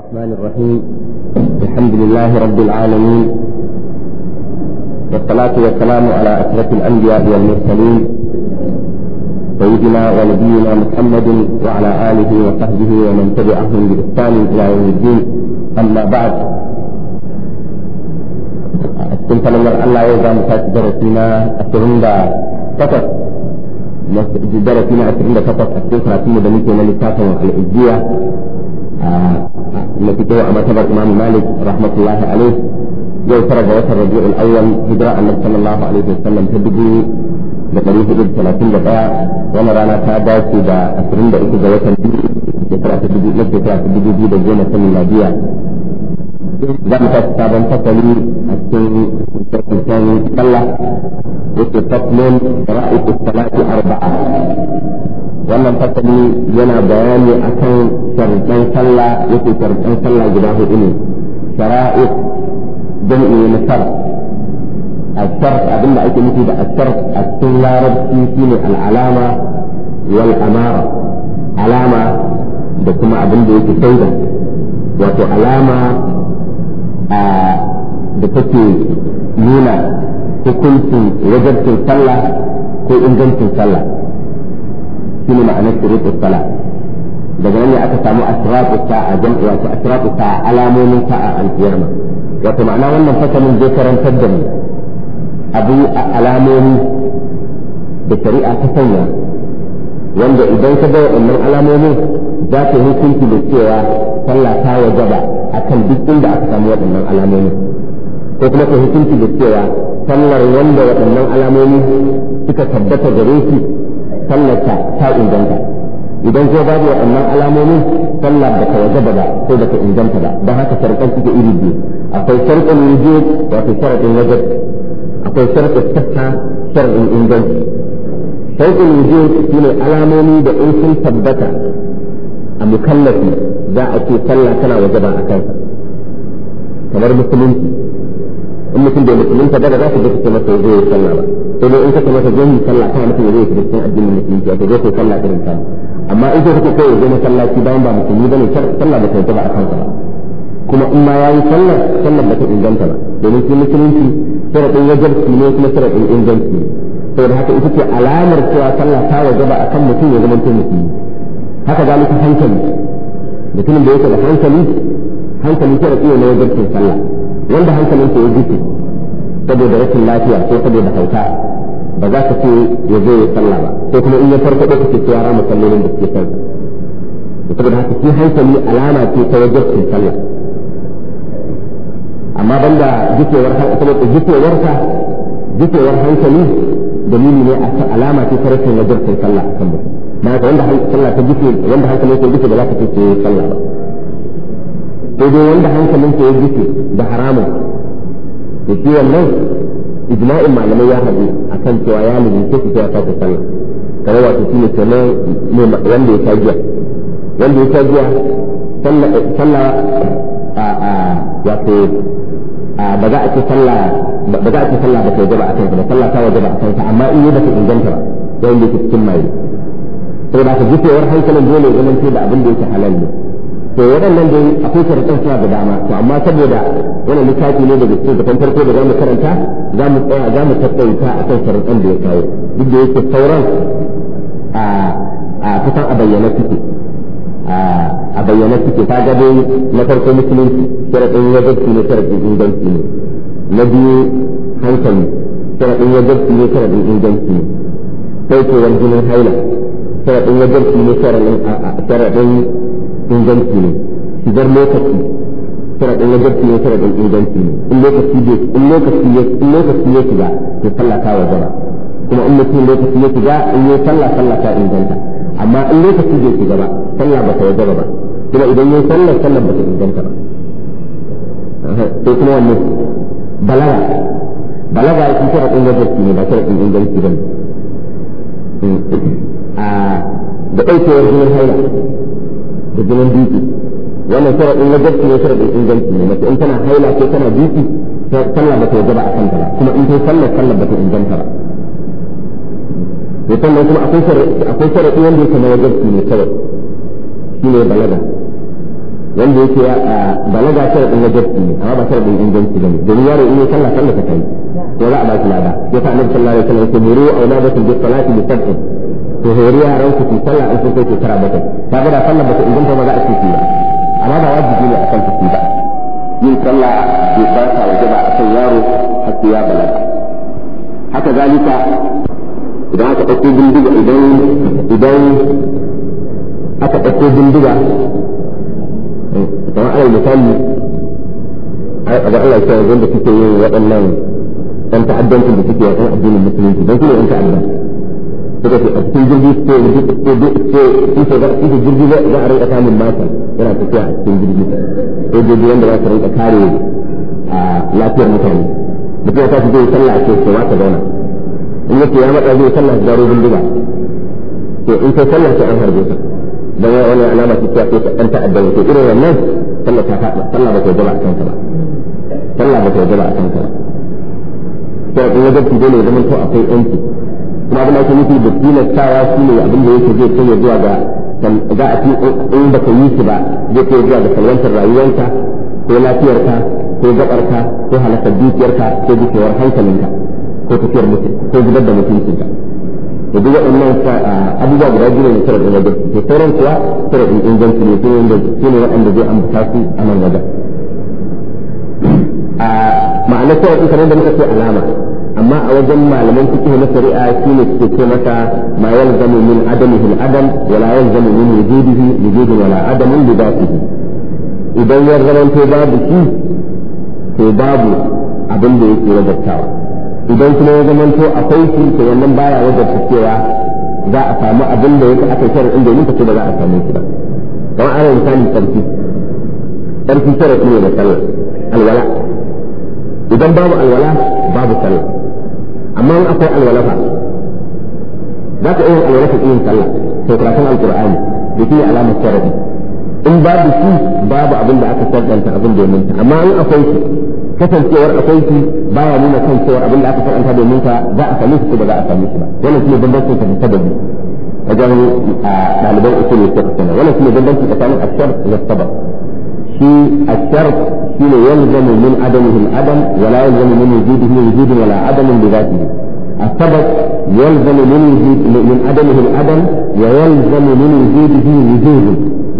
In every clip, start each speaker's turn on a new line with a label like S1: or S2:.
S1: الرحمن الرحيم الحمد لله رب العالمين والصلاة والسلام على أشرف الأنبياء والمرسلين سيدنا ونبينا محمد وعلى آله وصحبه ومن تبعهم بإحسان إلى يوم الدين أما بعد كنت لما الله يرضى مساك درسنا أترندا فقط درسنا أترندا فقط أترندا فقط أترندا فقط أترندا فقط نتيجه معتبر امام مالك رحمه الله عليه يوم فرج الرجوع الربيع الاول هجره النبي صلى الله عليه وسلم تدبي بقريب ابن 30 دقيقه وانا رانا تابع في 20 دقيقه وتر يقرا في الدبي لك يقرا في الدبي دي بجينا سن الناديه زعما تابع فصلي الثاني الثاني صلى وفي فصل رأيت الصلاة أربعة wannan fasali yana bayani akan sharuɗan sallah yake sharɗan sallah guda hudu ne don iya na shar ashar abinda ake nufi da ashar a cikin larabci ne al'alama wal amara alama da kuma abin da yake shaida wato alama da take nuna hukuncin wajabcin sallah ko ingancin sallah shine ma'anar shurutus sala daga nan ne aka samu asratu sa'a jam'i wato asratu sa'a alamomin sa'a alkiyama wato ma'ana wannan fasalin zai karantar da mu abu alamomi da shari'a ta sanya wanda idan ka ga waɗannan alamomin za ka hukunci da cewa sallah ta wajaba akan duk inda aka samu waɗannan alamomin ko kuma ka hukunci da cewa sallar wanda waɗannan alamomi suka tabbata gare shi sallarta ta inganta idan ko babu waɗannan alamomi sallar da ka wajaba ba sai da ka inganta ba don haka sharɗan suke iri biyu akwai sharɗin wujud wato sharɗin wajab akwai sharɗin sassa sharɗin inganci sharɗin wujud shine alamomi da in sun tabbata a mukallafi za a ce salla tana wajaba a kansa kamar musulunci in mutum bai musulunta ba da za su ga ce masa zai yi sallah ba sai dai in kake masa jami sallah kana nufin ya zai shiga cikin addinin musulunci wato zai kai sallah irin ta amma in sai kake kai ya sallah masallaci bayan ba musulmi bane sallah da ta ba a kansa ba kuma in ma yayi sallah sallah da ta inganta ba domin shi musulunci sharadin wajarci ne kuma sharadin inganci da haka ita ce alamar cewa sallah ta wajaba kan mutum ya zama musulmi haka zalika hankali mutumin da yake da hankali hankali sharadi ne na wajarcin sallah wanda hankalin sa ya jike saboda rashin lafiya ko saboda hauta ba za ka ce ya zo ya ba ko kuma in ya farko rama sallolin da suke saboda haka shi hankali alama ce ta sallah amma banda jikewar jikewar ka jikewar hankali dalili ne a alama ce ta rashin sallah a kan na ga wanda sallah ta jike wanda hankali ke jike ba za ka ce sallah ba dai wanda hankalin ke jike da haramun da shi wannan ijma'in malamai ya haɗu a kan cewa ya lalace ke fita ya fata sallah kamar wato shi ne kenan wanda ya sha giya wanda ya sha giya sallah a wato ba za a ce sallah ba za a ce sallah ba ta wajaba a kansa ba sallah ta wajaba a kansa amma in yi ba ta inganta ba yayin da yake cikin maye saboda ka jufewar hankalin dole ya zama da abin da yake halal ne to waɗannan dai akwai sarƙar suna da dama to amma saboda wani littafi ne daga cikin gaban farko da zamu karanta za mu tsaya za mu a kan sarƙar da ya kawo duk da yake sauran a a kusan a bayyana suke a bayyana suke ta gado na farko musulunci sharaɗin wajabci ne sarƙin inganci ne na biyu hankali sharaɗin wajabci ne sarƙin inganci ne saukewar jinin haila sharaɗin wajabci ne sharaɗin inganci ne shigar lokaci sharaɗin wajarci ne sharaɗin inganci ne in lokaci ya in lokaci ya in lokaci ya shiga ya sallata wa jama'a kuma in mutum lokaci ya shiga in ya sallah sallah ta inganta amma in lokaci bai shiga ba sallah ba ta wajaba ba kuma idan ya sallah sallah ba ta inganta ba sai kuma wannan balaga balaga ya tara raɗin wajarci ne ba tara raɗin inganci ba ne hmm. ah, da ɗaukewar jinin haila da jinin dutse wannan sharaɗin na gaske ne sharaɗin inganci ne mace in tana haila ko tana dutse sallah ba ta wajaba a kanta ba kuma in ta sallar sallar ba ta inganta ba to sannan kuma akwai sharaɗi akwai sharaɗi wanda yake na wajabci ne kawai shine balaga wanda yake balaga sharaɗin wajabci ne amma ba sharaɗin inganci ba ne domin yaro in ya sallah sallah ta kai to za a ba shi lada ya sa annabi sallallahu alaihi wasallam ya ce muru auladakum bis salati bi sab'in to horiya ranku ku sallah an sun kai shekara bakwai kaga gada sallar ba ta inganta ba za a ce ba amma ba wajibi ne a kan ta ba yin sallah bai ba ta waje ba a kan yaro har sai ya balaga haka zalika idan aka ɗauko bindiga idan idan aka ɗauko bindiga kamar alal misali a ga Allah ya wanda kike yin waɗannan dan ta'addancin da kike yin addinin musulunci dan su ne ɗan ta'addanci suka ce a cikin jirgi suke suke suke jirgi za a rinka samun mata yana tafiya a cikin jirgi ko jirgi wanda za su rinka kare a lafiyar mutane mutum ya tashi zai sallah a ce ce ba ta zauna in yake ya matsa zai sallah su zaro bindiga to in kai sallah sai an harbe ta dan wani alama ce ta ce an ta'adda to irin wannan sallah ta faɗa sallah ba ta jaba a kanka ba sallah ba ta jaba a kanka ba to in wajen dole ya zama to akwai yanki kuma abin da ake nufi da tilastawa shi ne abin da yake zai kai zuwa ga za a fi in ba ka yi shi ba zai kai zuwa ga salwantar rayuwarka ko lafiyarka ko gabarka ko halakar dukiyarka ko dukiyar hankalinka ko tafiyar mutum ko zubar da mutuncinka da duk waɗannan abubuwa guda biyu ne sarar ɗin wajen da sauran kuwa sarar ɗin inganci ne sun wanda su ne waɗanda zai ambata su a nan wajen ma'anar sarar ɗin kamar da muka ce alama amma a wajen malaman fiqh na shari'a shine suke ce maka ma yalzamu min adamihi al-adam wa la yalzamu min wujudihi wujudun wala adamun bi dhatihi idan ya zamanto babu shi to babu abin da yake wajabtawa idan kuma ya zamanto akwai shi to wannan baya wajabta cewa za a samu abin da yake aka shari'a inda yake ce ba za a samu shi ba kamar ana misali tsarki tsarki sharafi ne da sallah alwala idan babu alwala babu sallah amma in akwai alwalafa fa za ka iya alwalafa iya yin sallah sai karatun alkur'ani da ke alamar sharadi in babu shi babu abin da aka sardanta abin da ya minta amma in akwai shi kasancewar akwai shi ba ya nuna kan cewar abin da aka sardanta da minta za a sami shi ko ba za a sami shi ba wannan ne bambancin ka da ni wajen ɗaliban usul ya ce wannan ne bambancin tsakanin ashar da sabar shi ashar shine yalzamu min adamihil adam wala yalzamu min wujudihi wujudun wala adamun bi dhatihi السبب يلزم من وجود من عدمه العدم ويلزم
S2: من وجوده وجود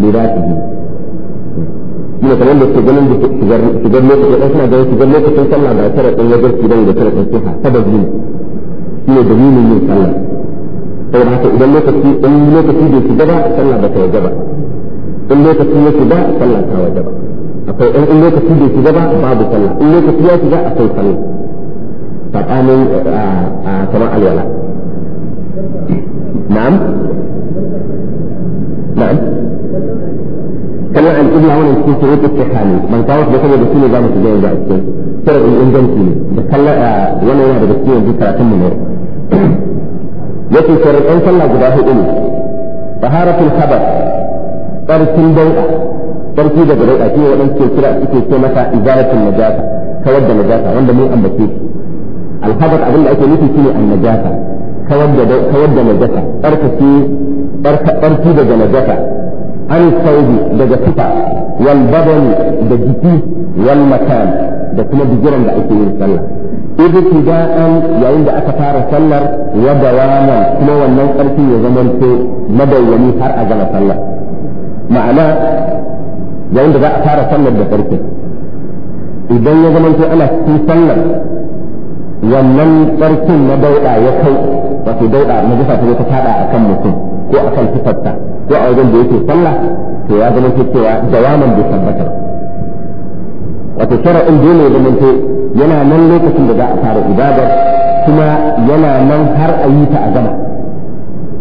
S1: لذاته ina kamar da ke ganin shigar lokaci ɗan suna ganin shigar lokacin sallah da tara ɗan wajen su da tara ɗan siha sababi ne shi dalilin yin sallah saboda haka idan lokaci in lokaci bai shiga ba sallah ba ta wajaba in lokaci ya shiga sallah ta wajaba akwai in lokaci bai shiga ba babu sallah in lokaci ya shiga akwai sallah tsakanin kamar alwala na'am na'am kallon al'ibla wannan cikin shirin istiha ne ban kawo su da saboda su ne za mu shiga yanzu a cikin shirin in inganci ne da kallon wannan yana daga cikin yanzu karatun mu ne yake shirin ɗan sallah guda hudu ne taharatul khabar tsarkin bai'a sarki daga rai ake waɗansu ke kira suke ce masa izalatul najasa kawar da najasa wanda mun ambace shi alhadar abin da ake nufi shine an najasa kawar da kawar da najasa tsarkake da daga najasa an saudi daga fita wal badan da jiki wal makan da kuma bijiran da ake yin sallah ibtida'an yayin da aka fara sallar wa dawaman kuma wannan tsarki ya zama ce madawwami har a gama sallar ma'ana yayin da za a fara sallar da farko idan ya zama sai ana cikin sallar wannan tsarkin na dauda ya kai wato dauda na jisa ta ta fada a kan mutum ko a kan tufarta ko a wajen da yake sallah to ya zama sai cewa jawaman bai tabbatar wato shara'in dole ya zama yana nan lokacin da za a fara ibadar kuma yana nan har a yi ta a gama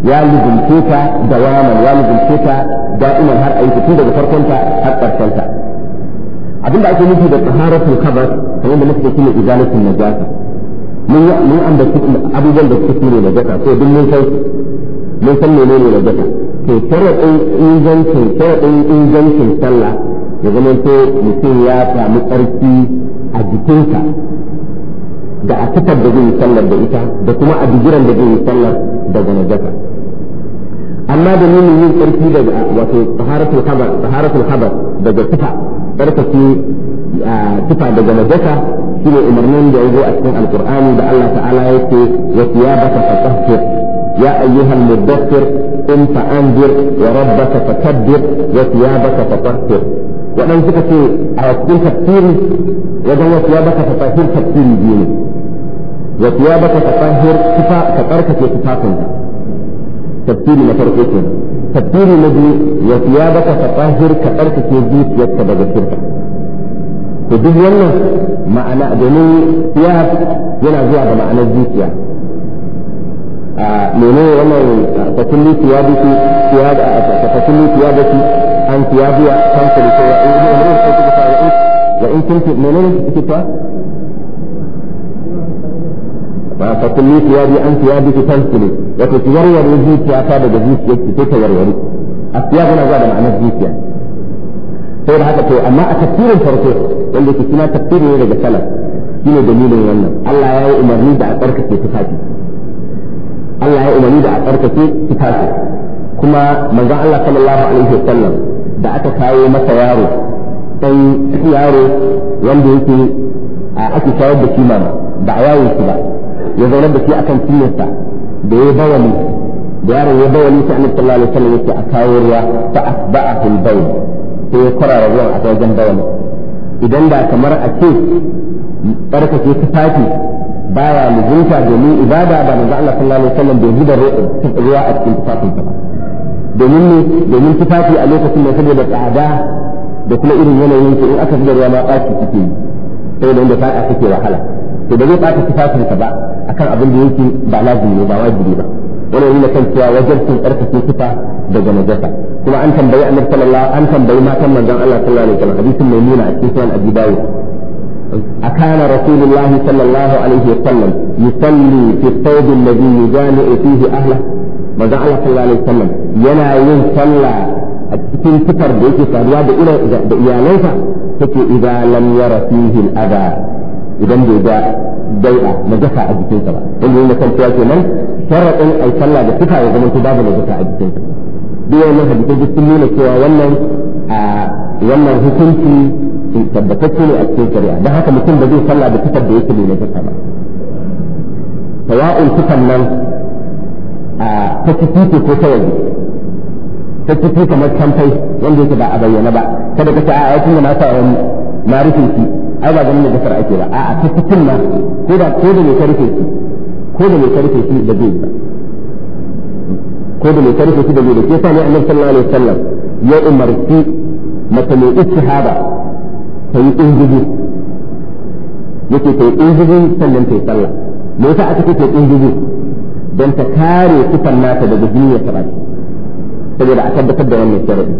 S1: ya lubunce ta da waman ya lubunce ta da da'iman har a yi tun daga farkonta har ƙarshenta abinda ake nufi da taharatul kabar kamar da muke shine izalatul najasa mun mun ambaci abubuwan da suke ne najasa ko duk mun san mun san menene najasa to sharadin ingancin sharadin ingancin sallah ya zama to mutum ya samu karfi a jikinsa da a tafar da zai yi sallar da ita da kuma a bijiran da zai yi sallar daga najasa amma da nuna yin karfi daga wato taharatul khabar taharatul khabar daga tufa tsarkake tufa daga najasa shine umarnin da ya zo a cikin alqur'ani da Allah ta'ala yake wa thiyabaka fatahhir ya ayyuhal mudaththir qum fa'anzir wa rabbaka fakabbir wa thiyabaka fatahhir waɗansu suka ce a cikin tafsiri wajen wasu ya baka tafsir tafsiri biyu ne wa thiyabaka fatahhir tufa ka tsarkake tufafinka tafsiri na farko kenan tafsiri na biyu wa thiyabaka fatahhir ka tsarkake zuciyarka daga shirka to duk wannan ma'ana domin thiyab yana zuwa da ma'anar zuciya mene wannan fakulli thiyabiki thiyab fakulli thiyabiki an thiyabiya tanfili ko wa in kuntum menene kike ta ba fa kulli thiyabi an thiyabi ki ne wato ki warware zuciya ta daga zuciya ki ta warware asiyabu na zuwa da ma'anar zuciya sai da haka to amma a tafsirin farko wanda ke kina tafsiri ne daga salaf shine dalilin wannan Allah ya yi umarni da a tsarkake tufafi Allah ya yi umarni da a tsarkake tufafi kuma manzon Allah sallallahu alaihi wasallam da aka kawo masa yaro dan yaro wanda yake a ake kawo da kimana ba a yawon shi ba ya zaunar da shi akan cinyarsa da ya bawali da yaron ya bawali sai annabi sallallahu alaihi wasallam yake a kawo ruwa fa asba'ahu al-bawl sai ya kwarara ruwan a wajen bawali idan da kamar a ce barkace tufafi baya mijinta domin ibada ba manzo Allah sallallahu alaihi wasallam bai zuba ruwa a cikin tufafin ba domin ne domin tufafi a lokacin da saboda tsada da kuma irin yanayin in aka da ruwa ma ɓaci suke yi da inda fa'a suke wahala to ba zai ɓata tufafin ka ba akan abin da yake ba lazimi ne ba wajibi ba wani yana kan cewa wajen wajibcin tsarkake kifa daga najasa kuma an tambayi annabi sallallahu an tambayi matan manzon Allah sallallahu alaihi wasallam hadisin mai nuna a cikin sunan Abi Dawud أكان رسول sallallahu alaihi الله عليه وسلم يصلي في الثوب الذي يجامع فيه أهله manzo Allah sallallahu alaihi wasallam yana yin sallah a cikin sifar da yake faruwa da irin da iyalansa take idan lam yara fihi al-adha idan bai ga bai'a jaka a jikinsa ba wanda yana kan cewa nan sharaɗin ai sallah da tufa ya zamanto babu na jaka a jikinsa duk wannan hadisai duk sun nuna cewa wannan wannan hukunci tabbatacce ne a cikin shari'a don haka mutum ba zai sallah da tufar da yake ne jaka ba sawa'un tufan nan ta ciki ko ta waje ta ciki kamar kamfai wanda yake ba a bayyana ba kada ka ce a aikin da na sa wani na rufin shi ai ba ganin da ake ba a'a ta cikin ma ko da ko da mai karfe shi ko da mai karfe shi da zai ko da mai karfe shi da zai ke sa ne annabi sallallahu alaihi wasallam ya umarci mata mai istihaba ta yi injiji yake ta yi injiji sannan ta yi sallah me yasa aka ce ta yi injiji don ta kare nata daga duniyar ta ba saboda a tabbatar da wannan sharadi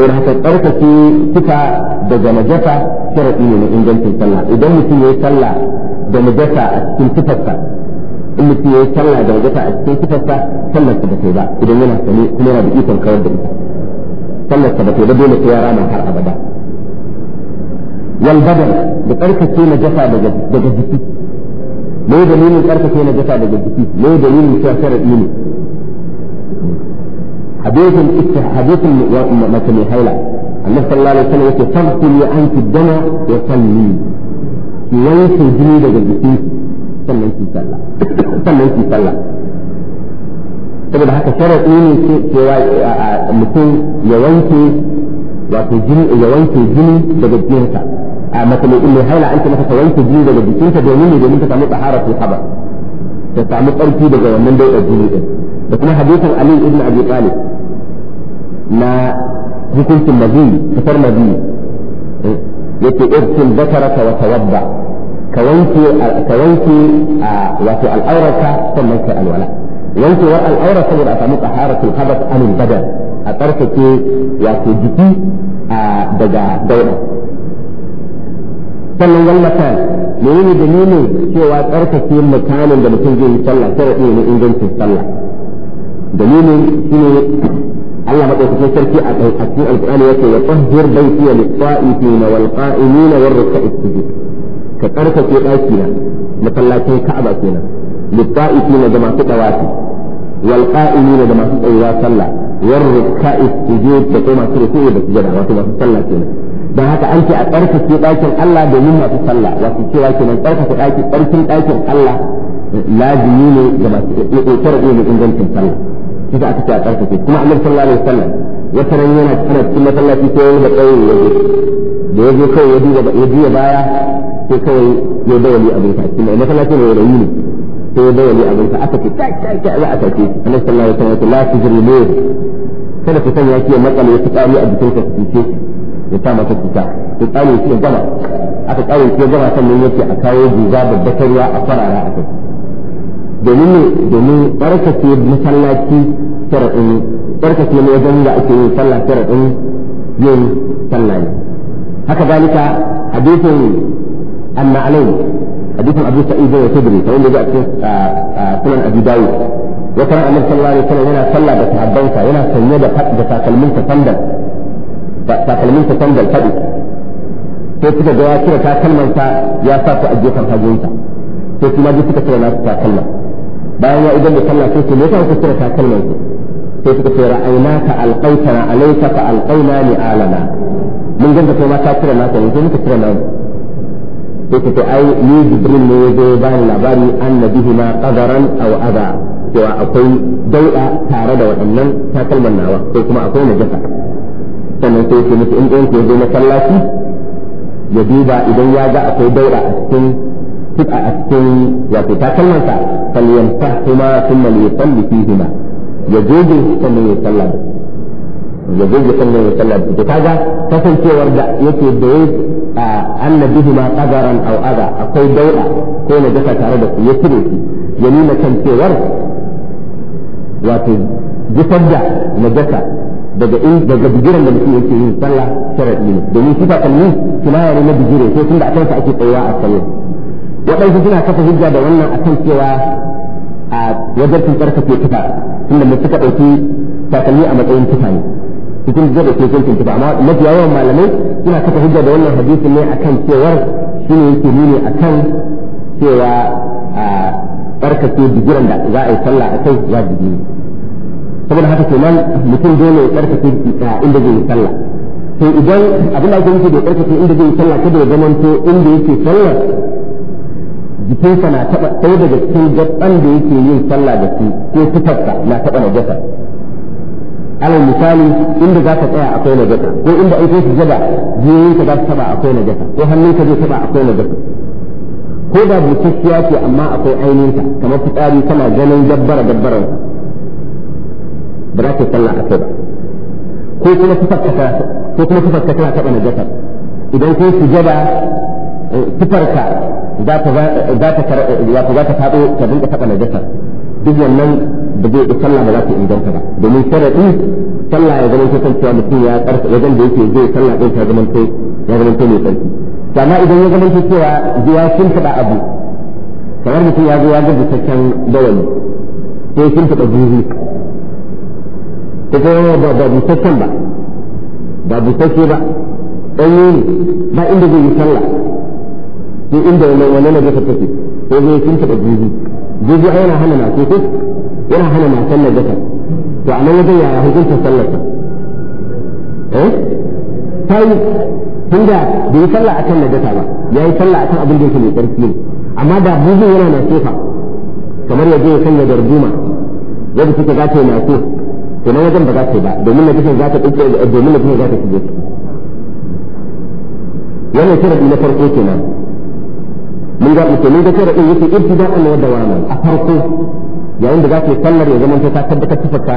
S1: sai haka tsarkake suka daga najasa sharaɗi ne na ingancin sallah idan mutum ya yi sallah da najasa a cikin tufarsa in mutum ya yi sallah da najasa a cikin tufarsa sallar ta bata ba idan yana sane kuma yana da ikon kawar da ita sallar ta bata ba dole sai ya rama har abada wal badal da tsarkake najasa daga jiki me dalilin tsarkake najasa daga jiki me dalilin cewa sharaɗi ne حديث الاتح حديث ما تمي حيلا الله صلى الله عليه وسلم يقول تغسل أنت الدم وصلي ليس جديد جديد صلى أنت صلى صلى أنت صلى تبدأ حتى شرع إني سواي آه، آه، مكون يوانتي وتجني يوانتي جني جديدين سا آه، ما تمي إني حيلا أنت ما تسوانتي جني جديدين تدعوني جديدين تعمل بحارة في الحبر تعمل أرتي بجوانين بيئة جديدين لكن حديث علي ابن أبي طالب na hukuncin mazi fitar mazi eh, yake irkin zakaraka wa tawadda ka wanke ka wanke wato al'aurarka sannan kai alwala wa al'aura saboda a samu taharatul hadath anil badan a tsarkake wato jiki daga dauda sannan wallafa da dalilin cewa tsarkake mutanen da mutum zai yi sallah sai ne ingancin sallah dalilin shine Allah madaukakin sarki a cikin alƙur'ani yake ya tahhir baiti wa da taifina wal qa'imina war ruk'i sujud ka karkace daki na masallacin Ka'aba kenan lit-ta'ifina da masu tawafi wal qa'imina da masu tsayuwa sallah war ruk'i sujud da masu da sujada wato masu sallah kenan haka an ce a karkace ɗakin Allah domin masu sallah wato cewa kenan karkace daki karkin ɗakin Allah lazimi ne ga masu tsayuwa ne ingancin sallah shi aka ce a tsarkake kuma annabi sallallahu alaihi wasallam ya ran yana tsara cikin masallaci sai wani da tsayin ya da ya zo kawai ya duba ta yi baya ya kawai ya dawali abin sa cikin masallaci mai rayu ne sai ya dawali abin sa aka ce kai za a tace sallallahu alaihi wasallam la kada ku sanya shi ya ya a jikin ya sa masa cuta ya shi ya gama aka shi ya gama sannan yake a kawo guga babbatarwa a farara a kai domin ne domin tsarkake masallaci sharaɗin tsarkake ne wajen da ake yin sallah tarin yin sallah ne haka zalika anna alai hadisin abu sa'id da tabri ta wanda ya ce sunan abi dawud wata annabi sallallahu alaihi wasallam yana sallah da sahabbansa yana sanye da da takalmin ta sandal takalmin ta sandal fadi sai ga ya cire takalmansa ya sa su a gefen hagunsa sai kuma duk suka nasu bayan ya idan da sallah sai ce me yasa kuka kira takalman ku sai suka ce ra'aynaka alqaitana alayka fa alqaina li alana mun ganta kai ma ta kira naka yanzu sai muka kira namu sai ta ce ai ni jibril ne yazo ya bani labari annabihima qadaran aw ada cewa akwai dauda tare da waɗannan takalman nawa sai kuma akwai najasa sannan sai ce musu in ɗayan ku na masallaci ya duba idan ya ga akwai dauda a cikin تبقى أسكن وتتكلم فليمسحهما ثم ليصلي فيهما يجوز ثم يصلي يجوز ثم يصلي بتاجا تصل في ورد يكي بيت آه، أن بهما قدرا أو أذى أقول دورة كون جفت عربك يسري يمين كان في ورد وتجسد نجسة daga in daga bigiran da mutum yake yin sallah sharadi ne domin sifa kalli kinaya ne na bigire sai tun da akan sa ake tsayawa a sallah waɗansu suna kafa hujja da wannan akan cewa a wajen tsarkake tufa tunda mai suka ɗauki takalmi a matsayin tufa ne cikin da ke sun amma mafi yawan malamai suna kafa hujja da wannan hadisi ne akan cewar shi ne yake nuni akan cewa a tsarkake bigiran da za a yi sallah a kai wajibi ne saboda haka nan mutum dole ya tsarkake inda zai yi sallah sai idan abin da ake nufi da tsarkake inda zai yi sallah kada ya zamanto inda yake sallah jikinsa na taɓa ɗaya daga cikin gaban da yake yin sallah da su ko tufarsa na taɓa na najasa alal misali inda za ka tsaya akwai na najasa ko inda ake su jaba jiyoyinka za su taɓa akwai na najasa ko hannunka zai taɓa akwai na najasa ko da bukissiya ce amma akwai ainihinta kamar fitsari kana ganin dabbara dabbaran ba za ka sallah akai ba ko kuma tufarka ko kuma tufarka tana taɓa na najasa idan kai su sujada tufarka eh, za ta za ta wato za ta fado ta dinka taba najasa duk wannan da zai da sallah ba za ta inganta ba domin sharadi sallah ya zama kan cewa mutum ya karfa wajen da yake zai sallah din ta zama sai ya zama sai mai tsarki amma idan ya zama cewa ya shimfiɗa abu kamar mutum ya zo ya ga busasshen dawali sai shimfiɗa jiri ko kuma ba ba busasshen ba ba busasshe ba ɗanye ne ba inda zai yi sallah sai inda wannan na jasa take ko zai sun taɓa juju juju ai yana hana mace ko yana hana san na jasa to a nan wajen eh? ya hukunta sallarsa eh sai tunda bai sallah akan najasa ba yayi sallah akan abin da yake mai tsarki ne amma da bugu yana na sefa kamar ya je ya sanya darduma yadda suka za ta yi mace to nan wajen ba za ta yi ba domin najasa za ta ɗauke domin najasa za ta shige wannan sharadi na farko kenan mun ga mun ga cewa in yake an wa wani a farko yayin da za ka yi sallar ya zama ta tabbatar tafaka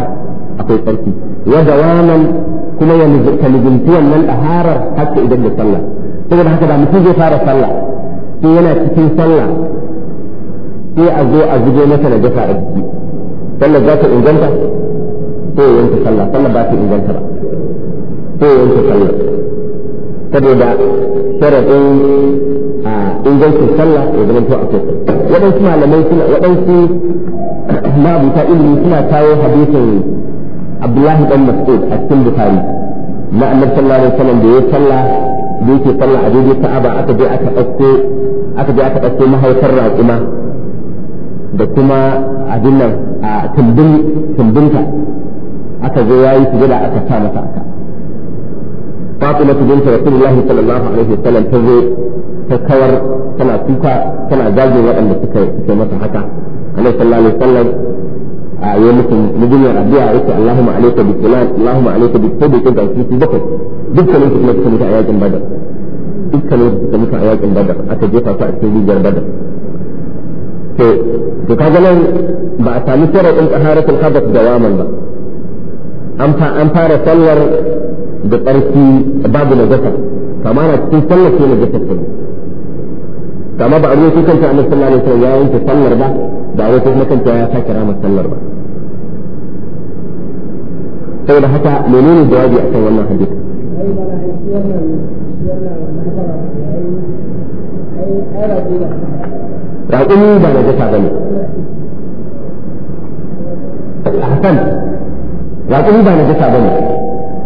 S1: akwai tsarki wa wani kuma ya ka nijinci wannan harar haka idan da sallah saboda haka da mutum zai fara sallah sai yana cikin sallah sai a zo a zube masa na jasa a jiki sallar za ta inganta ko ya yanka sallah sallar ba ta inganta ba ko ya yanka sallah saboda sharaɗin ingancin sallah ya zama to akwai waɗansu malamai suna waɗansu mabuta ilimi suna kawo hadisin abdullahi dan mas'ud a cikin bukhari na annabi sallallahu alaihi wasallam da ya sallah da yake sallah a daidai ka'aba aka je aka ɗauko aka je aka ɗauko mahaifar Raquma da kuma abin nan a tumbin tumbinta aka zo yayi sujada aka sa masa aka Fatima binta Rasulullahi sallallahu alaihi wasallam ta zo ta kawar tana kuka tana zage waɗanda suka suka masa haka annabi sallallahu alaihi wasallam a yi mutum mujinyar addu'a yake Allahumma alayka bi salat Allahumma alayka bi tabi ga shi su bakwai dukkanin su kuma suka mutu a yakin badar dukkanin su suka mutu a yakin badar aka jefa su a cikin rijiyar badar to to kaga nan ba a sami sharadin taharatul hadath dawaman ba an fara sallar da tsarki babu na zakar kamar cikin sallar na najasa ta kama ba a rubuta kanta annabi sallallahu alaihi wasallam ya yanke sallar ba ba a rubuta kuma kanta ya sa sake rama sallar ba saboda haka menene jawabi akan wannan hadisi
S2: raƙumi ba na
S1: jasa ba ne hakan raƙumi ba na jasa ba ne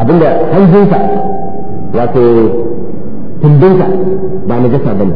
S1: abinda hanzinsa wato tumbinsa ba na jasa ba ne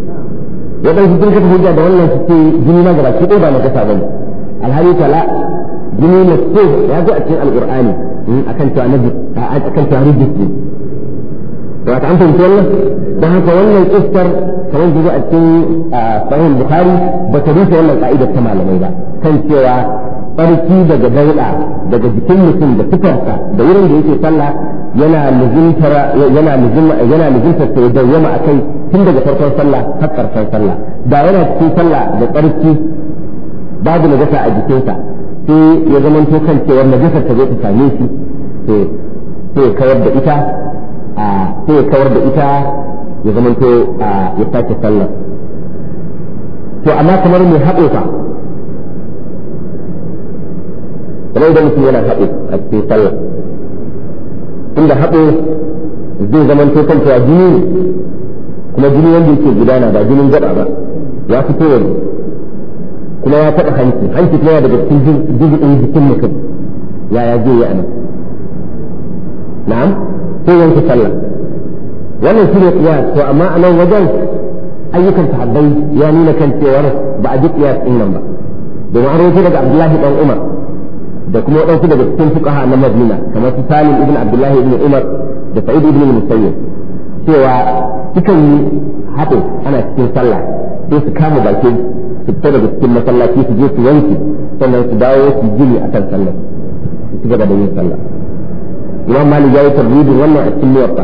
S1: waɗansu sun kafa hujja da wannan suke jini na gaba ɗaya ba na kasa bane alhali tala jini na so ya zo a cikin alqur'ani hmm, akan cewa na akan cewa rijis ne da ta amfani wannan da haka wannan iskar kamar da zo a cikin sahih bukhari ba ta rufe wannan ka'idar ta malamai ba kan cewa tsarki daga dauda daga jikin mutum da fitarsa da wurin da yake sallah yana muzuntar yana muzuntar yana muzuntar sai dawwama akai tun daga farkon sallah har karshen sallah da yana cikin sallah da tsarki babu gasa a jikinsa sai ya to kan cewar najasar ta zai ta same shi sai ya kawar da ita sai ya kawar da ita ya zamanto ya sake sallar to amma kamar mai haɗo ta kamar idan mutum yana haɗo a cikin sallah inda haɗo zai to kan cewa jini kuma jini wanda yake gudana ba jinin gaba ba ya fito wani kuma ya taɓa hanci hanci kuma daga cikin jirgin jikin mutum ya zai yi nan na'am sai yanke sallah wannan shi ne to amma a nan wajen ayyukan sahabbai ya nuna kan cewar ba a duk kiyas din nan ba domin an rawaito daga abdullahi dan umar da kuma waɗansu daga cikin fuqaha na madina kamar su salim ibn abdullahi ibn umar da sa'id ibn musayyib cewa sukan yi haɗe ana cikin sallah sai su kama bakin su fita daga cikin masallaci su je su wanke sannan su dawo su gini a kan sallah su ci gaba da yin sallah imam malik ya yi tarbibin wannan a cikin muwatta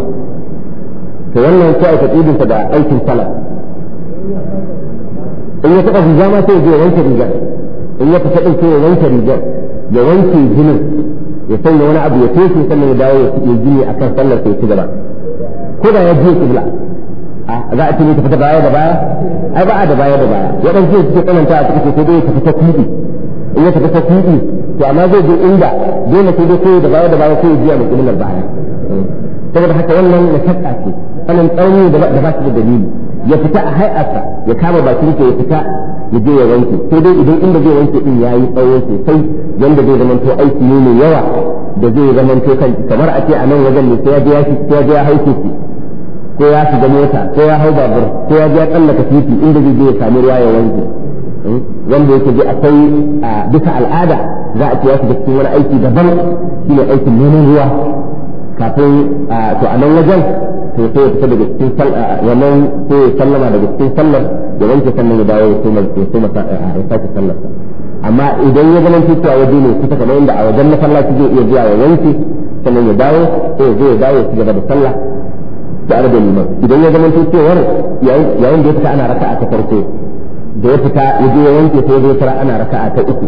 S1: to wannan sai aika tsibinsa da aikin sallah in ya taɓa riga ma sai ya je ya wanke rigar in ya fita ɗauke ya wanke rigar ya wanke jinin ya sanya wani abu ya toshe sannan ya dawo ya gini a kan sallar sai ya ci gaba ko da ya je kibla za a ce ne tafi da baya da baya ai ba a da baya da baya ya dan ce suke kananta a cikin sai dai tafi ta kudi. in ya tafi ta to amma zai je inda dole sai dai sai da baya da baya sai ya biya mai ilmar baya saboda haka wannan na shakka ce sanin tsauni da ba shi da dalili ya fita a hai'arsa ya kama bakin ya fita ya je ya wanke sai dai idan inda zai wanke din yayi tsawo sosai yanda zai zama to aiki ne mai yawa da zai zama to kan kamar a ce a nan wajen ne sai ya je ya haife shi ko ya shiga mota ko ya hau babur ko ya je tsallaka titi inda zai je ya samu ruwa ya wanke hmm? wanda yake je akwai a bisa al'ada za a ce ya shiga cikin wani aiki daban shine aikin neman ruwa kafin to a nan wajen to sai ya fita daga cikin wannan sai ya sallama daga cikin sallar ya wanke sannan ya dawo ya koma ya koma sake sallar amma idan ya zama cewa waje ne kusa kamar inda a wajen masallaci zai iya zuwa ya wanke sannan ya dawo sai ya zo ya dawo ya ci gaba da sallah tare da liman idan ya zama cewar yayin da ya fita ana raka'a ta farko da ya fita ya je ya wanke ya zai tara ana raka'a ta uku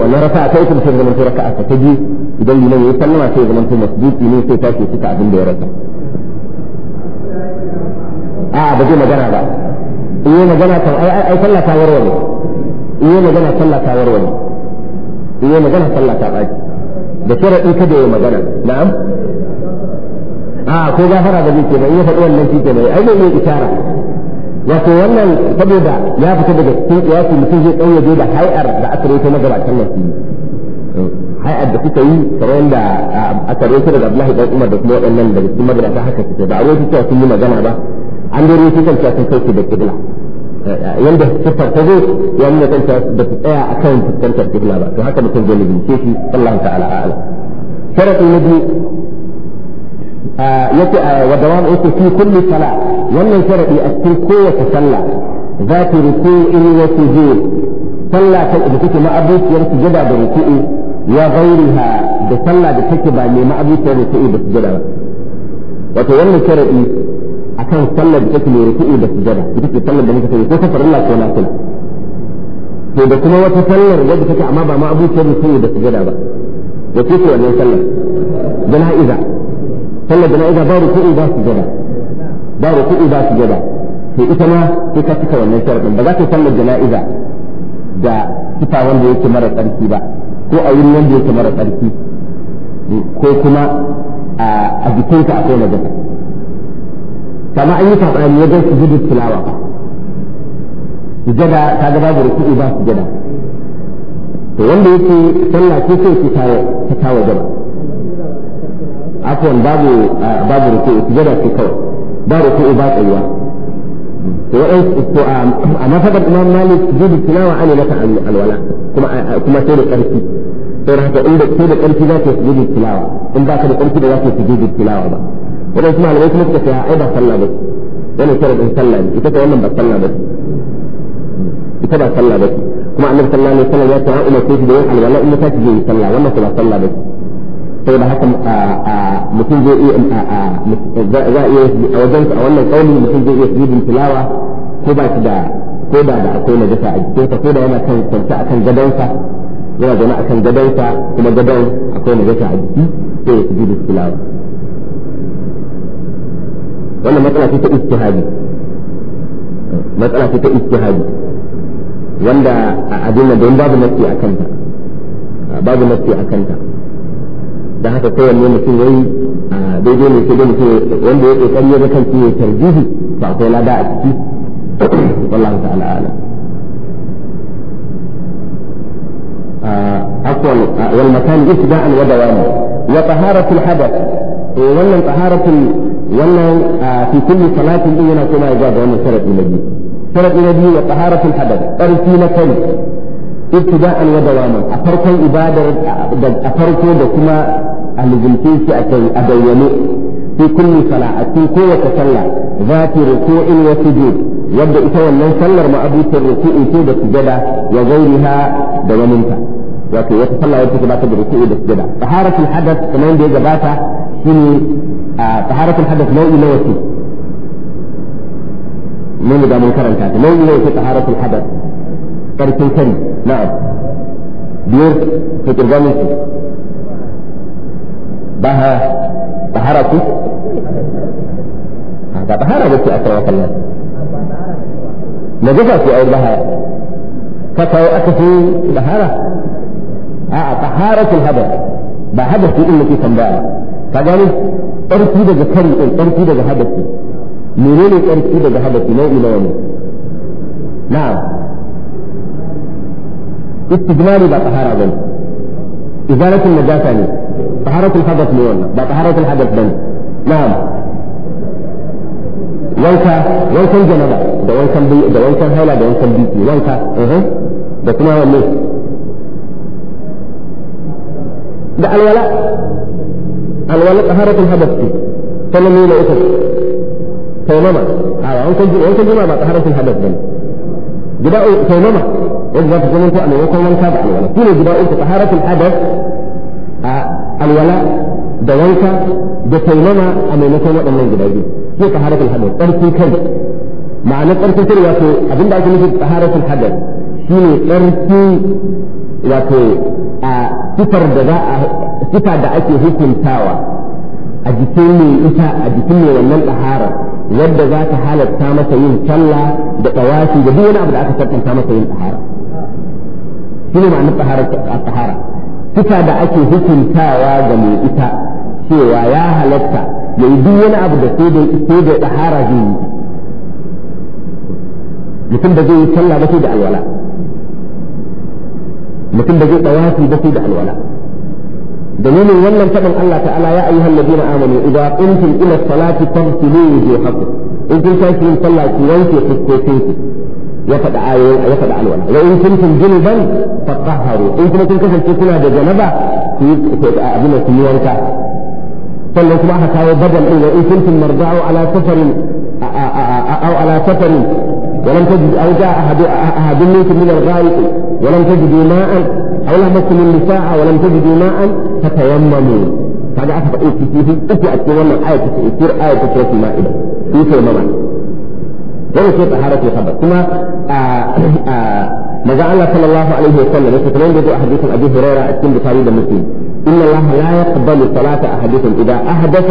S1: wannan raka'a ta uku sai zama to raka'a ta biyu idan liman ya sallama sai zama to masjidi ne sai tashi cika abin da ya rasa
S2: a ba zai magana ba
S1: in yi magana kan ai ai sallah ta warware in yi magana sallah ta warware in yi magana sallah ta baki da sharaɗin kada ya magana na'am a ko gafara ba zai ce ba iya faɗi wannan shi ke bai ai zai yi isara wato wannan saboda ya fita daga cikin kiyasi mutum zai ƙauyaje da hai'ar da aka rito na gabatan nan hai'ar da suka yi kamar yadda aka rito daga Abdullahi dan Umar da kuma waɗannan daga cikin magabata haka suke ba a rito cewa sun yi magana ba an dai rito kan cewa sun kai da kibla yanda siffar ta zo ya nuna kan cewa da su tsaya akan fuskantar kibla ba to haka mutum zai lubince shi Allah ta'ala a'ala sharadi na biyu yake wa dawam yake fi kulli sala wannan sharadi a cikin kowace sallah za ta in wa sujud sallah ta da take ma'abuciyar sujada da ruku'i ya ghairiha da sallah da take ba mai ma'abuciyar ruku'i da sujada ba wato wannan sharadi akan sallar da take mai ruku'i da sujada ita ce sallar da muka sani ko ta farilla ko nafila to da kuma wata sallar wadda take amma ba ma'abuciyar ruku'i da sujada ba wace ce wannan sallar jana'iza sallar jana'iza ba ruku'u ba su gaba ba ruku'u ba su jada to ita ma sai ka cika wannan sharadin ba za ka sallar jana'iza da kifa wanda yake mara tsarki ba ko a yin wanda yake mara tsarki ko kuma a jikinka akwai najasa kama an yi ne wajen sujudu tilawa ba sujada ta ga babu ruku'u ba sujada to wanda yake sallah ce sai ta tawo gaba عفوا بابو بابو ركوع تجرى في كور بابو ركوع بعض أيوة وإيش استوى أنا فقط الإمام مالك جيد التلاوة عن لك عن الولاء كما كما تقول الكرسي ترى هذا إن تقول الكرسي ذات جيد التلاوة إن باكر الكرسي ذات جيد التلاوة بقى وإذا اسمع لو اسمك يا عيد صلى بس وأنا ترى بنصلى بس إذا تقول لهم بصلى بس إذا بصلى بس كما أنك صلى الله عليه وسلم يا ترى أمة تجيد الولاء أمة تجيد الصلاة وأنا صلى بس sai da haka mutum zai iya za a iya a wajen a wannan kauli mutum zai iya sujudin tilawa ko ba shi da ko da da akwai najasa a jikin jikinsa ko da yana kan kwanta akan gadonsa yana zaune akan gadonsa kuma gadon akwai najasa a jiki sai ya sujudin tilawa wannan matsala ce ta istihadi matsala ce ta istihadi wanda a abin don babu nafi a kanta babu nafi a kanta da haka kowanne mutum yayi daidai ne sai dai mutum wanda ya kokari ya kan ya tarjihi to akwai lada a ciki wallahu ta'ala alam عفوا والمكان اتباعا ودواما وطهارة الحدث ولا طهارة ولا في كل صلاة إينا كما إجابة ومن شرط النبي شرط النبي وطهارة الحدث أرسينا كلمة ابتداء ودواما أفرقوا إبادة أفرقوا دكما a lizimce shi a bayyane fi kulli sala a cikin kowace sallah za ta ruku'in wa sujud wadda ita wannan sallar ma'abutar ruku'i ce da sujada wa gairiha da waninta wato wata sallah wadda ta gabatar da ruku'i da sujada taharatul hadath kamar da ya gabata shine taharatul hadath nau'i na wasu mun da mun karanta ta nau'i na wasu taharatul hadath karfin kari na'am biyar ta kirgamin su طه طهرتي هذا طهارة بك أكرمك الله نجفتي أو لها فتوى أكفي طهارة آه طهارة الهدف ba hadafi din nake tambaya ka gane tsarki daga kari din tsarki daga hadafi menene tsarki daga hadafi nau'i nawa ne na'am istijmari ba tahara bane izalatul najasa ne طهارة الحدث ليولا با طهارة الحدث بني نعم ويكا ويكا الجنبا دا ويكا بي دا ويكا هيلا دا ويكا بي ويكا اها دا كنا والله دا الولاء الولاء طهارة الحدث بي فلن يولا اتك فينما هذا ويكا ويكا جمع با طهارة الحدث بني جداء فينما وجدت زمن تعمل وكل من كابع ولا كل جداء طهارة الحدث alwala da wanka da taimama a maimakon waɗannan guda biyu sai taharatul hadar tsarki kai ma'ana tsarki kai wato abin da ake nufi taharatul hadar shine tsarki wato a sifar da za a sifa da ake hukuntawa a jikin mai ita a jikin mai wannan taharar wadda za ta halatta masa yin sallah da tawashi da duk wani abu da aka tantance masa yin tahara shine ma'anar tahara suka da ake hukuntawa ga mai ita cewa ya halatta ya yi duk wani abu da sai da sai tsahara zai yi mutum da zai yi sallah ba sai da alwala mutum da zai ba sai da alwala dalilin wannan faɗin Allah ta'ala ya ayyuhal ladina amanu idza qumtum ila salati faghsilu wujuhakum in kun tashi yin sallah ki wanke fuskokinku ya faɗa ayoyin ya faɗa alwala wa in kuntum junuban fatahharu in kuma kun kasance kuna da janaba ku yi abin da kun wanka sannan kuma aka kawo badal din wa in kuntum marda'u ala safarin aw ala safarin ولم تجد أو جاء أحد أحد منكم من الغائط ولم تجدوا ماء أو لمستم النساء ولم تجدوا ماء فتيمموا هذا أثبت في في في أثبت ولا آية في في المائدة في سورة ولم يصير طهارة في خبر ثم آه، آه، ما جاء الله صلى الله عليه وسلم يقول لم يجد أحاديث أبي هريرة أتم بتعليل المسلم إن الله لا يقبل صلاة أحدكم إذا أحدث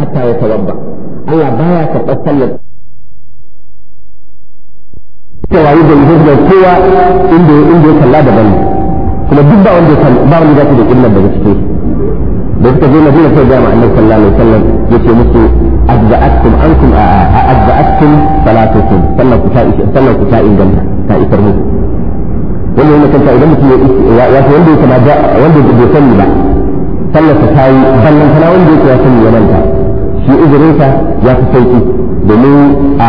S1: حتى يتوضأ الله بايا تقصل تواريد لك القوى عنده لك صلاة بل كما جدا عنده صلاة بعض الناس يقول لنا بجسدي بس كذلك نبينا في الجامعة النبي صلى الله عليه وسلم يقول أجزأتكم أنكم أجزأتكم صلاتكم صلوا كتاء الجنة كتاء فرموك wannan yana kanta idan mutum ya wato wanda yake ba wanda bai sani ba sallar ta tayi ballan kana wanda yake ya sani ya manta shi uzurinsa ya fi sauki domin a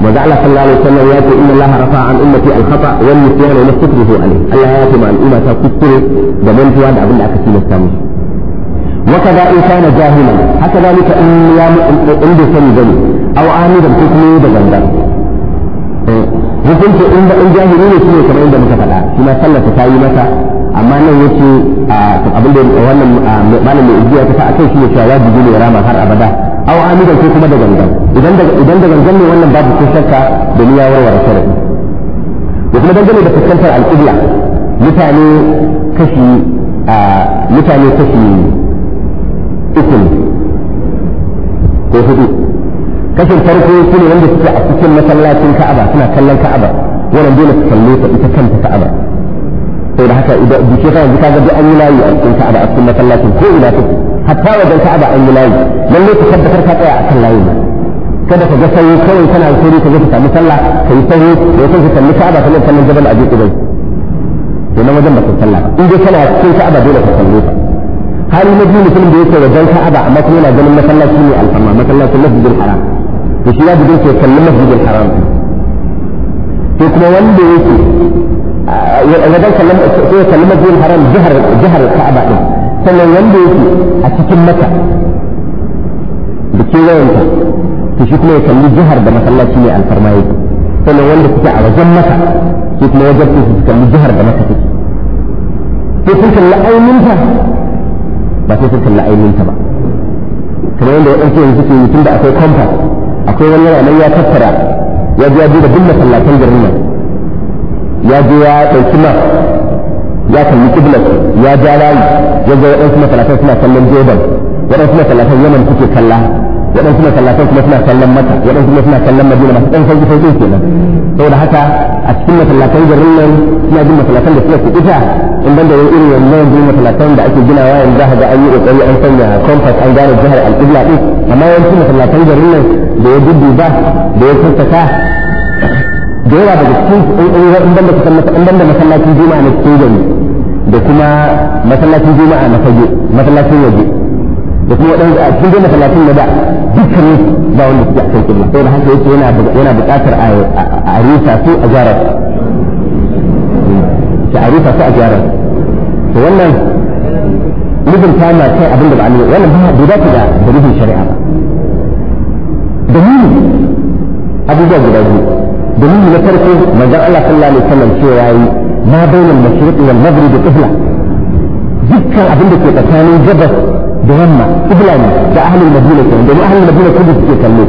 S1: manzo Allah sallallahu alaihi wasallam ya ce inna Allah rafa an ummati al khata wa nisyan wa nastaghfiru alayhi Allah ya ce ma al'umma ta kuskure da mantuwa da abin da aka tilasta musu وكذا إن كان جاهلا حتى ذلك إن عنده سن بني أو عامدا حكمه بغندا hukunci inda in jahili ne shine kamar inda muka faɗa shi ma sallata ta yi mata amma nan yace abin da wannan malam mai igiya ta akai shi ne cewa wajibi ne rama har abada aw amidan ko kuma da gangan idan da idan gangan ne wannan babu ko shakka da niyya warware sharadi da kuma dangane da fuskantar alƙibla mutane kashi mutane uku ko hudu kashin farko su ne wanda suke a cikin masallacin ka'aba suna kallon ka'aba wannan dole su kalle ta ita kanta ka'aba sai da haka idan duke kan duka ga an yi layi a cikin ka'aba a cikin masallacin ko ina take hatta wajen ka'aba an yi layi lalle ka tabbatar ka tsaya a kan layin nan kada ka ga sai kawai kana sauri ka ga ka samu sallah ka yi sauri ya san ka kalli ka'aba kamar kallon jabal a jikin to na wajen ba ka sallah in dai kana cikin ka'aba dole ka kalle ta hali na biyu mutumin da yake wajen ka'aba amma kuma yana ganin masallaci ne alfarma masallacin masjidil haram to shi ya bi ke kallon masjidil haram ko kuma wanda yake wajen kallon sai kallon masjidil haram jihar jihar ka'aba din sannan wanda yake a cikin mata da kewayenta to shi kuma ya kalli jihar da masallaci ne alfarma yake sannan wanda suke a wajen mata shi kuma wajen su kalli jihar da maka take sai sun kalli auninta ba sai sun kalla ainihin ta ba kamar yadda waɗansu yanzu suke yi tun da akwai compass akwai wani ranar ya tattara ya je ya duba duk masallatan garin nan ya je ya kalli kiblat ya ja layi ya ga waɗansu masallatan suna kallon jordan waɗansu masallatan yaman suke kalla waɗansu masallatan kuma suna sallan mata waɗansu kuma suna sallan madina masu ɗan sauki sauki kenan saboda haka a cikin masallatan garin nan suna jin masallatan da suka kuɗuta in banda wani irin wannan jin masallatan da ake ginawa yanzu za ga an yi ƙoƙari an sanya compass an gane jihar al al'ibla ɗin amma yawanci masallatan garin nan da ya dudduba da ya tattaka da yawa daga cikin in banda in banda masallacin juma'a na cikin gari da kuma masallacin juma'a na fage masallacin waje da kuma waɗanda a cikin janna talatin da ba dukkan ba wanda suke akan kibla sai da haka yake yana buƙatar a rusa su a gyara su a rusa su a gyara to wannan mijin ta na kai abin da ba alwa wannan ba bai dace da da rubin shari'a ba dalili abubuwa guda biyu dalili na farko manzon Allah sallallahu alaihi wasallam cewa yayi ma bainal mashriqi wal maghribi qibla dukkan abin da ke tsakanin gabas da yamma kibla da ahlul madina kenan domin ahlul madina kudu suke kallo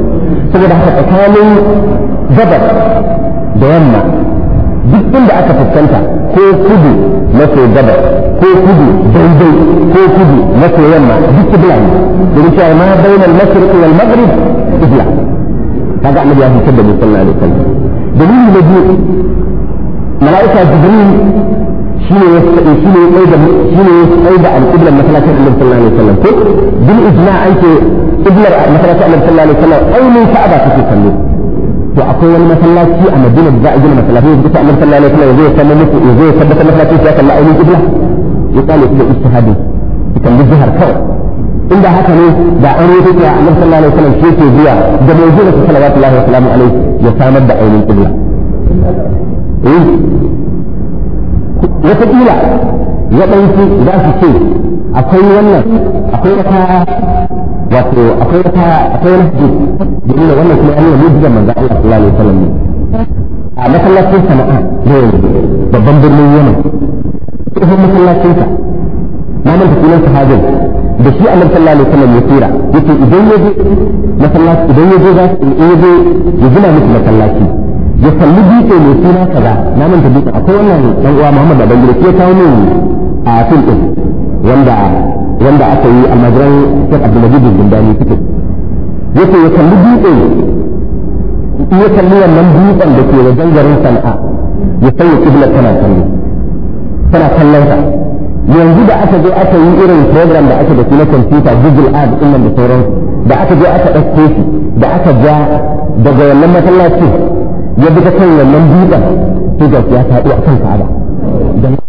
S1: saboda haka tsakanin gabar da yamma duk inda aka fuskanta ko kudu maso gabar ko kudu daidai ko kudu maso yamma duk kibla ne domin cewa ma bainal mashriq wal maghrib kibla kaga annabi ya fitar da mu da alaihi wasallam dalili na biyu mala'ika jibril شنو شنو قيد شنو قيد عن قبلة مثلا النبي صلى الله عليه وسلم بالإجماع أنت قبلة مثلا النبي صلى الله عليه وسلم أي من كعبة تسمي وأقوى المثلا في أمدينة زائدين مثلا هو يبدأ النبي صلى الله عليه وسلم يزوي سلمت يزوي ثبت مثلا في ذاك الله أي من قبلة يقال إذا اجتهادي يكمل الزهر كوي إن ده هكذا ده أن يتكلم عن صلى الله عليه وسلم شيء زيا ده موجود في صلوات الله وسلامه عليه يسامد بعين القبلة إيه watakila waɗansu za su ce akwai wannan akwai wata wato akwai wata akwai wani hadis da nuna wannan kuma ya nuna manzo Allah sallallahu alaihi wasallam a masallacin sana'a ne babban birnin Yemen tsohon masallacin sa na manta sunan sahabin da shi annabi sallallahu alaihi wasallam ya tura yace idan yaje masallaci idan yaje za su yaje ya gina musu masallaci ya kalli dutse mai suna kaza na manta dutse akwai wannan dan uwa Muhammad Babangida ke kawo min a fil din wanda wanda aka yi almajiran Sheikh Majid bin Dani suke yace ya kalli dutse ya kalli wannan dutsen da ke wajen garin Sana'a ya sai kibla tana kallo tana kallon sa yanzu da aka je aka yi irin program da aka da na computer Google Ad din da sauransu da aka je aka dauke shi da aka ja daga wannan masallaci ya ta kan
S2: wannan dutsen sai ya ta a kan ka'aba